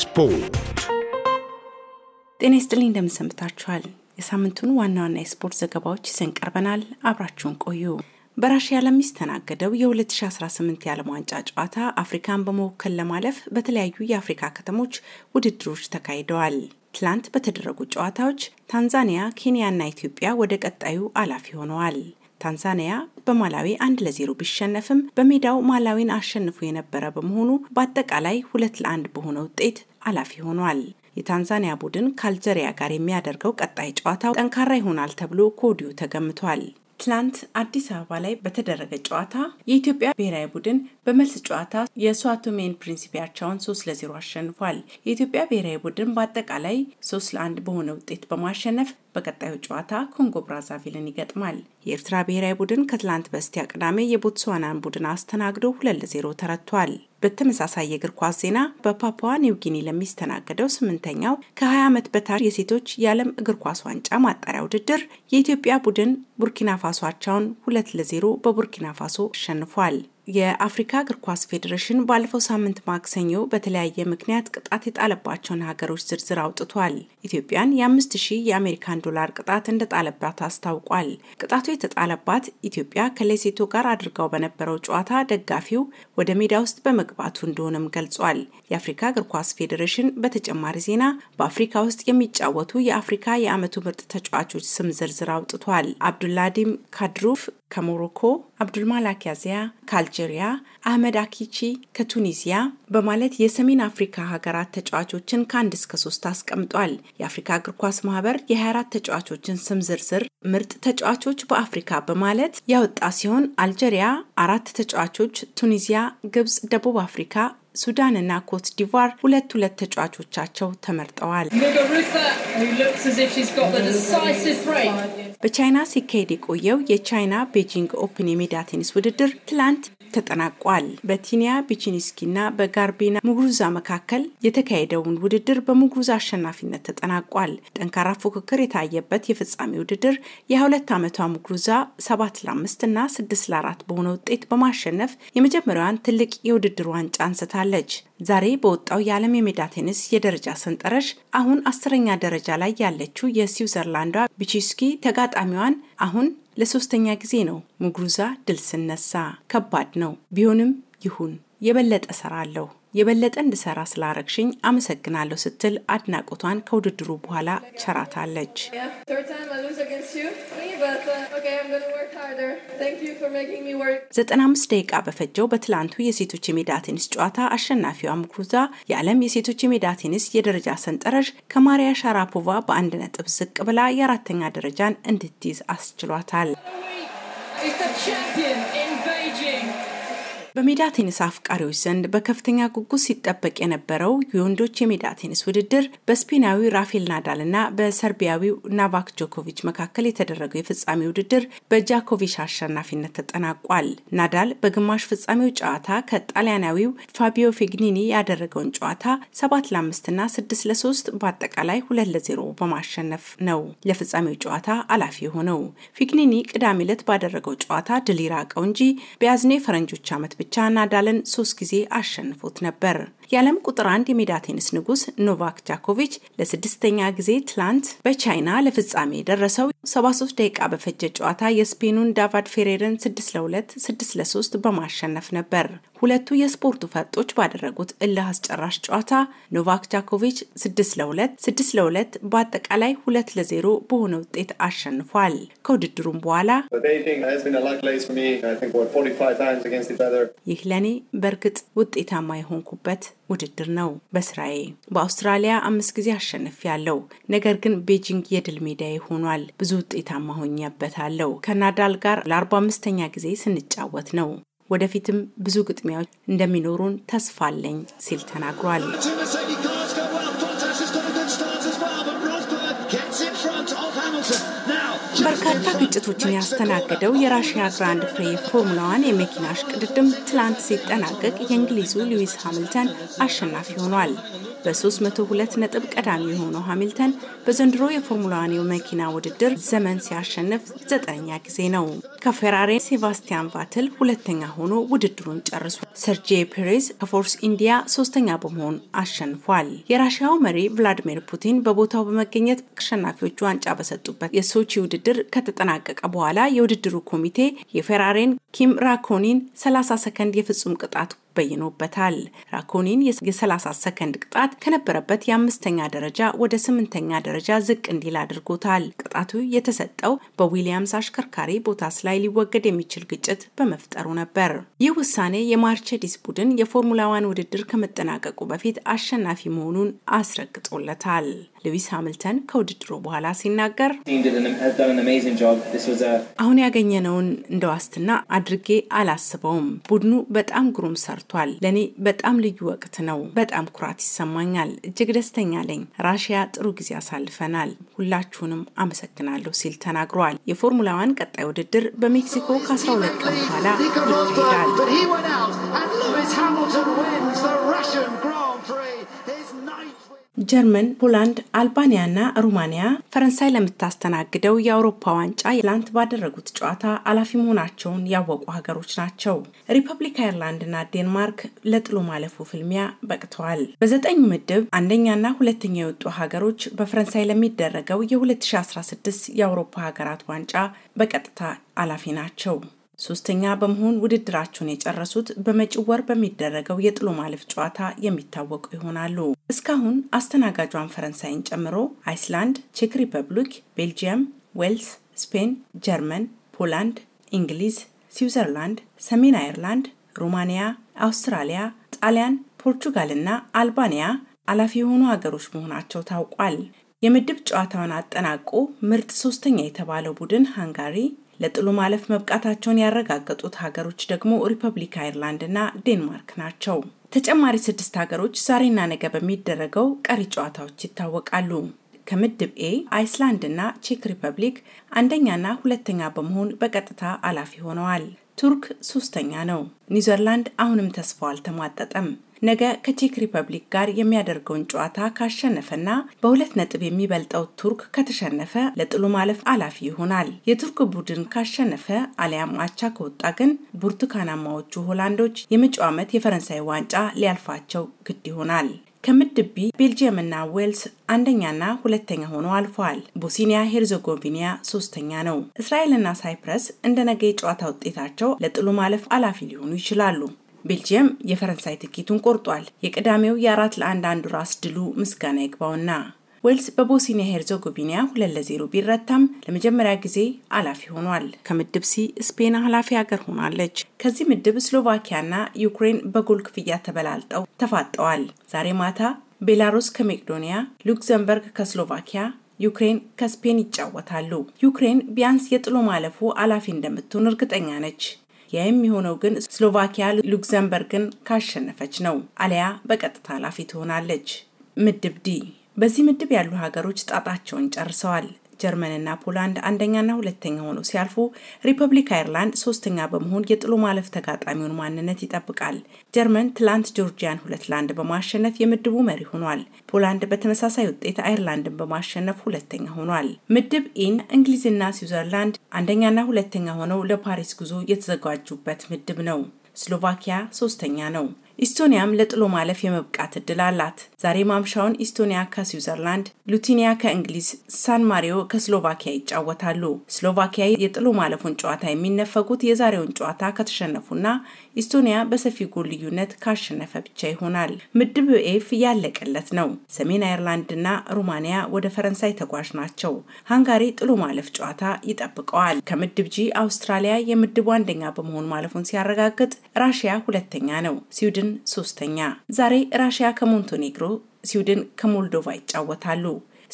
ስፖርት። ጤና ይስጥልኝ፣ እንደምንሰንብታችኋል። የሳምንቱን ዋና ዋና የስፖርት ዘገባዎች ይዘን ቀርበናል። አብራችሁን ቆዩ። በራሽያ ለሚስተናገደው የ2018 የዓለም ዋንጫ ጨዋታ አፍሪካን በመወከል ለማለፍ በተለያዩ የአፍሪካ ከተሞች ውድድሮች ተካሂደዋል። ትላንት በተደረጉ ጨዋታዎች ታንዛኒያ፣ ኬንያና ኢትዮጵያ ወደ ቀጣዩ አላፊ ሆነዋል። ታንዛኒያ በማላዊ አንድ ለዜሮ ቢሸነፍም በሜዳው ማላዊን አሸንፎ የነበረ በመሆኑ በአጠቃላይ ሁለት ለአንድ በሆነ ውጤት አላፊ ሆኗል። የታንዛኒያ ቡድን ከአልጀሪያ ጋር የሚያደርገው ቀጣይ ጨዋታው ጠንካራ ይሆናል ተብሎ ከወዲሁ ተገምቷል። ትላንት አዲስ አበባ ላይ በተደረገ ጨዋታ የኢትዮጵያ ብሔራዊ ቡድን በመልስ ጨዋታ የስዋቶሜን ፕሪንሲፒያቸውን ሶስት ለዜሮ አሸንፏል። የኢትዮጵያ ብሔራዊ ቡድን በአጠቃላይ ሶስት ለአንድ በሆነ ውጤት በማሸነፍ በቀጣዩ ጨዋታ ኮንጎ ብራዛቪልን ይገጥማል። የኤርትራ ብሔራዊ ቡድን ከትላንት በስቲያ ቅዳሜ የቦትስዋናን ቡድን አስተናግዶ ሁለት ለዜሮ ተረቷል። በተመሳሳይ የእግር ኳስ ዜና በፓፑዋ ኒውጊኒ ለሚስተናገደው ስምንተኛው ከ20 ዓመት በታች የሴቶች የዓለም እግር ኳስ ዋንጫ ማጣሪያ ውድድር የኢትዮጵያ ቡድን ቡርኪና ፋሶ አቻውን ሁለት ለዜሮ በቡርኪና ፋሶ አሸንፏል። የአፍሪካ እግር ኳስ ፌዴሬሽን ባለፈው ሳምንት ማክሰኞ በተለያየ ምክንያት ቅጣት የጣለባቸውን ሀገሮች ዝርዝር አውጥቷል። ኢትዮጵያን የአምስት ሺህ የአሜሪካን ዶላር ቅጣት እንደጣለባት አስታውቋል። ቅጣቱ የተጣለባት ኢትዮጵያ ከሌሴቶ ጋር አድርጋው በነበረው ጨዋታ ደጋፊው ወደ ሜዳ ውስጥ በመግባቱ እንደሆነም ገልጿል። የአፍሪካ እግር ኳስ ፌዴሬሽን በተጨማሪ ዜና በአፍሪካ ውስጥ የሚጫወቱ የአፍሪካ የዓመቱ ምርጥ ተጫዋቾች ስም ዝርዝር አውጥቷል። አብዱላዲም ካድሩፍ ከሞሮኮ አብዱልማላክ ያዚያ ከአልጄሪያ አህመድ አኪቺ ከቱኒዚያ በማለት የሰሜን አፍሪካ ሀገራት ተጫዋቾችን ከአንድ እስከ ሶስት አስቀምጧል። የአፍሪካ እግር ኳስ ማህበር የ24 ተጫዋቾችን ስም ዝርዝር ምርጥ ተጫዋቾች በአፍሪካ በማለት ያወጣ ሲሆን አልጄሪያ አራት ተጫዋቾች፣ ቱኒዚያ፣ ግብጽ፣ ደቡብ አፍሪካ ሱዳንና ኮት ዲቫር ሁለት ሁለት ተጫዋቾቻቸው ተመርጠዋል። በቻይና ሲካሄድ የቆየው የቻይና ቤጂንግ ኦፕን የሜዳ ቴኒስ ውድድር ትላንት ተጠናቋል። በቲኒያ ቢቺኒስኪና በጋርቤና ሙጉሩዛ መካከል የተካሄደውን ውድድር በሙጉሩዛ አሸናፊነት ተጠናቋል። ጠንካራ ፉክክር የታየበት የፍጻሜ ውድድር የ22 ዓመቷ ሙጉሩዛ 7 ለ5 እና 6 ለ4 በሆነ ውጤት በማሸነፍ የመጀመሪያዋን ትልቅ የውድድር ዋንጫ አንስታለች። ዛሬ በወጣው የዓለም የሜዳ ቴኒስ የደረጃ ሰንጠረዥ አሁን አስረኛ ደረጃ ላይ ያለችው የስዊዘርላንዷ ቢቺስኪ ተጋጣሚዋን አሁን ለሶስተኛ ጊዜ ነው ሙጉሩዛ ድል ስነሳ። ከባድ ነው ቢሆንም ይሁን የበለጠ ሰራለሁ። የበለጠ እንድሰራ ስላረግሽኝ አመሰግናለሁ ስትል አድናቆቷን ከውድድሩ በኋላ ቸራታለች። ዘጠና አምስት ደቂቃ በፈጀው በትላንቱ የሴቶች የሜዳ ቴኒስ ጨዋታ አሸናፊዋ ምኩሩዛ የዓለም የሴቶች የሜዳ ቴኒስ የደረጃ ሰንጠረዥ ከማሪያ ሻራፖቫ በአንድ ነጥብ ዝቅ ብላ የአራተኛ ደረጃን እንድትይዝ አስችሏታል። በሜዳ ቴኒስ አፍቃሪዎች ዘንድ በከፍተኛ ጉጉት ሲጠበቅ የነበረው የወንዶች የሜዳ ቴኒስ ውድድር በስፔናዊ ራፌል ናዳል እና በሰርቢያዊው ናቫክ ጆኮቪች መካከል የተደረገው የፍጻሜ ውድድር በጃኮቪች አሸናፊነት ተጠናቋል። ናዳል በግማሽ ፍጻሜው ጨዋታ ከጣሊያናዊው ፋቢዮ ፌግኒኒ ያደረገውን ጨዋታ ሰባት ለአምስት እና ለ ለሶስት በአጠቃላይ ሁለት ለዜሮ በማሸነፍ ነው ለፍጻሜው ጨዋታ አላፊ የሆነው። ፊግኒኒ ቅዳሜ ዕለት ባደረገው ጨዋታ ድል ይራቀው እንጂ በያዝነው የፈረንጆች ዓመት ብቻ ብቻ ናዳልን ሶስት ጊዜ አሸንፎት ነበር። የዓለም ቁጥር አንድ የሜዳ ቴኒስ ንጉስ ኖቫክ ጃኮቪች ለስድስተኛ ጊዜ ትላንት በቻይና ለፍጻሜ የደረሰው 73 ደቂቃ በፈጀ ጨዋታ የስፔኑን ዳቫድ ፌሬርን 6 ለ2፣ 6 ለ3 በማሸነፍ ነበር። ሁለቱ የስፖርቱ ፈርጦች ባደረጉት እልህ አስጨራሽ ጨዋታ ኖቫክ ጃኮቪች 6 ለ2፣ 6 ለ2 በአጠቃላይ 2 ለ0 በሆነ ውጤት አሸንፏል። ከውድድሩም በኋላ ይህ ለእኔ በእርግጥ ውጤታማ የሆንኩበት ውድድር ነው በስራዬ። በአውስትራሊያ አምስት ጊዜ አሸንፍ ያለው ነገር ግን ቤጂንግ የድል ሜዳዬ ሆኗል። ብዙ ውጤታማ ሆኜበታለሁ። ከናዳል ጋር ለአርባ አምስተኛ ጊዜ ስንጫወት ነው። ወደፊትም ብዙ ግጥሚያዎች እንደሚኖሩን ተስፋ አለኝ ሲል ተናግሯል። ግጭቶችን ያስተናገደው የራሽያ ግራንድ ፕሪ ፎርሙላዋን የመኪና ሽቅድድም ትላንት ሲጠናቀቅ የእንግሊዙ ሉዊስ ሃሚልተን አሸናፊ ሆኗል። በ302 ነጥብ ቀዳሚ የሆነው ሃሚልተን በዘንድሮ የፎርሙላዋን የመኪና ውድድር ዘመን ሲያሸንፍ ዘጠነኛ ጊዜ ነው። ከፌራሪ ሴባስቲያን ቫትል ሁለተኛ ሆኖ ውድድሩን ጨርሷል። ሰርጄ ፔሬዝ ከፎርስ ኢንዲያ ሶስተኛ በመሆን አሸንፏል። የራሽያው መሪ ቭላዲሚር ፑቲን በቦታው በመገኘት አሸናፊዎቹ ዋንጫ በሰጡበት የሶቺ ውድድር ከተጠናቀቀ በኋላ የውድድሩ ኮሚቴ የፌራሬን ኪም ራኮኒን 30 ሰከንድ የፍጹም ቅጣት በይኖበታል። ራኮኒን የ30 ሰከንድ ቅጣት ከነበረበት የአምስተኛ ደረጃ ወደ ስምንተኛ ደረጃ ዝቅ እንዲል አድርጎታል። ቅጣቱ የተሰጠው በዊሊያምስ አሽከርካሪ ቦታስ ላይ ሊወገድ የሚችል ግጭት በመፍጠሩ ነበር። ይህ ውሳኔ የማርቼዲስ ቡድን የፎርሙላ ዋን ውድድር ከመጠናቀቁ በፊት አሸናፊ መሆኑን አስረግጦለታል። ሉዊስ ሃምልተን ከውድድሩ በኋላ ሲናገር አሁን ያገኘነውን እንደ ዋስትና አድርጌ አላስበውም። ቡድኑ በጣም ግሩም ሰርቷል። ለእኔ በጣም ልዩ ወቅት ነው። በጣም ኩራት ይሰማኛል። እጅግ ደስተኛ ለኝ። ራሽያ ጥሩ ጊዜ አሳልፈናል። ሁላችሁንም አመሰግናለሁ ሲል ተናግረዋል። የፎርሙላ ዋን ቀጣይ ውድድር በሜክሲኮ ከ12 ቀን በኋላ ይካሄዳል። ጀርመን፣ ፖላንድ፣ አልባኒያና ሩማኒያ ፈረንሳይ ለምታስተናግደው የአውሮፓ ዋንጫ ትላንት ባደረጉት ጨዋታ አላፊ መሆናቸውን ያወቁ ሀገሮች ናቸው። ሪፐብሊክ አየርላንድና ዴንማርክ ለጥሎ ማለፉ ፍልሚያ በቅተዋል። በዘጠኝ ምድብ አንደኛና ሁለተኛ የወጡ ሀገሮች በፈረንሳይ ለሚደረገው የ2016 የአውሮፓ ሀገራት ዋንጫ በቀጥታ አላፊ ናቸው። ሶስተኛ በመሆን ውድድራቸውን የጨረሱት በመጪው ወር በሚደረገው የጥሎ ማለፍ ጨዋታ የሚታወቁ ይሆናሉ። እስካሁን አስተናጋጇን ፈረንሳይን ጨምሮ አይስላንድ፣ ቼክ ሪፐብሊክ፣ ቤልጂየም፣ ዌልስ፣ ስፔን፣ ጀርመን፣ ፖላንድ፣ እንግሊዝ፣ ስዊዘርላንድ፣ ሰሜን አይርላንድ፣ ሩማንያ፣ አውስትራሊያ፣ ጣሊያን፣ ፖርቹጋል እና አልባንያ አላፊ የሆኑ ሀገሮች መሆናቸው ታውቋል። የምድብ ጨዋታውን አጠናቆ ምርጥ ሶስተኛ የተባለው ቡድን ሃንጋሪ ለጥሎ ማለፍ መብቃታቸውን ያረጋገጡት ሀገሮች ደግሞ ሪፐብሊክ አይርላንድ እና ዴንማርክ ናቸው። ተጨማሪ ስድስት ሀገሮች ዛሬና ነገ በሚደረገው ቀሪ ጨዋታዎች ይታወቃሉ። ከምድብ ኤ አይስላንድ እና ቼክ ሪፐብሊክ አንደኛና ሁለተኛ በመሆን በቀጥታ አላፊ ሆነዋል። ቱርክ ሶስተኛ ነው። ኒውዚርላንድ አሁንም ተስፋው አልተሟጠጠም። ነገ ከቼክ ሪፐብሊክ ጋር የሚያደርገውን ጨዋታ ካሸነፈና በሁለት ነጥብ የሚበልጠው ቱርክ ከተሸነፈ ለጥሎ ማለፍ አላፊ ይሆናል። የቱርክ ቡድን ካሸነፈ አሊያም አቻ ከወጣ ግን ብርቱካናማዎቹ ሆላንዶች የመጪው ዓመት የፈረንሳይ ዋንጫ ሊያልፋቸው ግድ ይሆናል። ከምድብ ቢ ቤልጅየምና ዌልስ አንደኛና ሁለተኛ ሆኖ አልፈዋል። ቦስኒያ ሄርዘጎቪና ሶስተኛ ነው። እስራኤልና ሳይፕረስ እንደ ነገ የጨዋታ ውጤታቸው ለጥሎ ማለፍ አላፊ ሊሆኑ ይችላሉ። ቤልጅየም የፈረንሳይ ትኬቱን ቆርጧል። የቅዳሜው የአራት ለአንድ አንዱ ራስ ድሉ ምስጋና ይግባውና ዌልስ በቦስኒያ ሄርዘጎቪና ሁለት ለዜሮ ቢረታም ለመጀመሪያ ጊዜ አላፊ ሆኗል። ከምድብ ሲ ስፔን ኃላፊ ሀገር ሆናለች። ከዚህ ምድብ ስሎቫኪያና ዩክሬን በጎል ክፍያ ተበላልጠው ተፋጠዋል። ዛሬ ማታ ቤላሩስ ከሜቄዶኒያ፣ ሉክዘምበርግ ከስሎቫኪያ ዩክሬን ከስፔን ይጫወታሉ። ዩክሬን ቢያንስ የጥሎ ማለፉ አላፊ እንደምትሆን እርግጠኛ ነች። የሚሆነው ግን ስሎቫኪያ ሉክዘምበርግን ካሸነፈች ነው፣ አሊያ በቀጥታ ኃላፊ ትሆናለች። ምድብ ዲ በዚህ ምድብ ያሉ ሀገሮች ጣጣቸውን ጨርሰዋል። ጀርመንና ፖላንድ አንደኛና ሁለተኛ ሆነው ሲያልፉ ሪፐብሊክ አይርላንድ ሶስተኛ በመሆን የጥሎ ማለፍ ተጋጣሚውን ማንነት ይጠብቃል። ጀርመን ትላንት ጆርጂያን ሁለት ለአንድ በማሸነፍ የምድቡ መሪ ሆኗል። ፖላንድ በተመሳሳይ ውጤት አይርላንድን በማሸነፍ ሁለተኛ ሆኗል። ምድብ ኢን እንግሊዝና ስዊዘርላንድ አንደኛና ሁለተኛ ሆነው ለፓሪስ ጉዞ የተዘጋጁበት ምድብ ነው። ስሎቫኪያ ሶስተኛ ነው። ኢስቶኒያም ለጥሎ ማለፍ የመብቃት እድል አላት። ዛሬ ማምሻውን ኢስቶኒያ ከስዊዘርላንድ፣ ሉቲኒያ ከእንግሊዝ፣ ሳን ማሪዮ ከስሎቫኪያ ይጫወታሉ። ስሎቫኪያ የጥሎ ማለፉን ጨዋታ የሚነፈጉት የዛሬውን ጨዋታ ከተሸነፉና ኢስቶኒያ በሰፊ ጎል ልዩነት ካሸነፈ ብቻ ይሆናል። ምድብ ኤፍ ያለቀለት ነው። ሰሜን ና ሩማንያ ወደ ፈረንሳይ ተጓዥ ናቸው። ሃንጋሪ ጥሎ ማለፍ ጨዋታ ይጠብቀዋል። ከምድብ ጂ አውስትራሊያ የምድቡ አንደኛ በመሆን ማለፉን ሲያረጋግጥ፣ ራሽያ ሁለተኛ ነው። ስዊድን ስዊድን ሶስተኛ። ዛሬ ራሽያ ከሞንቴኔግሮ፣ ስዊድን ከሞልዶቫ ይጫወታሉ።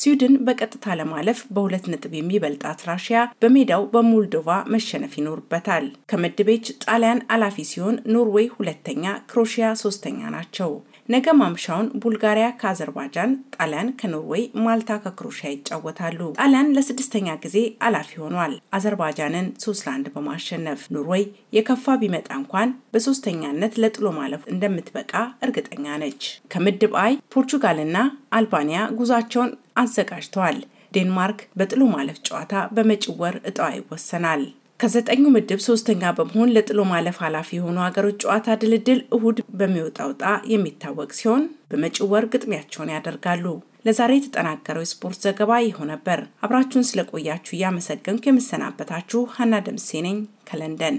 ስዊድን በቀጥታ ለማለፍ በሁለት ነጥብ የሚበልጣት ራሽያ በሜዳው በሞልዶቫ መሸነፍ ይኖርበታል። ከምድብ ኤች ጣሊያን አላፊ ሲሆን ኖርዌይ ሁለተኛ፣ ክሮሺያ ሶስተኛ ናቸው። ነገ ማምሻውን ቡልጋሪያ ከአዘርባጃን፣ ጣሊያን ከኖርዌይ፣ ማልታ ከክሮሻ ይጫወታሉ። ጣሊያን ለስድስተኛ ጊዜ አላፊ ሆኗል። አዘርባጃንን ሶስት ለአንድ በማሸነፍ ኖርዌይ የከፋ ቢመጣ እንኳን በሶስተኛነት ለጥሎ ማለፍ እንደምትበቃ እርግጠኛ ነች። ከምድብ አይ ፖርቹጋልና አልባንያ ጉዟቸውን አዘጋጅተዋል። ዴንማርክ በጥሎ ማለፍ ጨዋታ በመጪው ወር እጣዋ ይወሰናል። ከዘጠኙ ምድብ ሶስተኛ በመሆን ለጥሎ ማለፍ ኃላፊ የሆኑ ሀገሮች ጨዋታ ድልድል እሁድ በሚወጣው ዕጣ የሚታወቅ ሲሆን በመጪው ወር ግጥሚያቸውን ያደርጋሉ። ለዛሬ የተጠናቀረው የስፖርት ዘገባ ይኸው ነበር። አብራችሁን ስለቆያችሁ እያመሰገንኩ የምሰናበታችሁ ሀና ደምሴ ነኝ ከለንደን።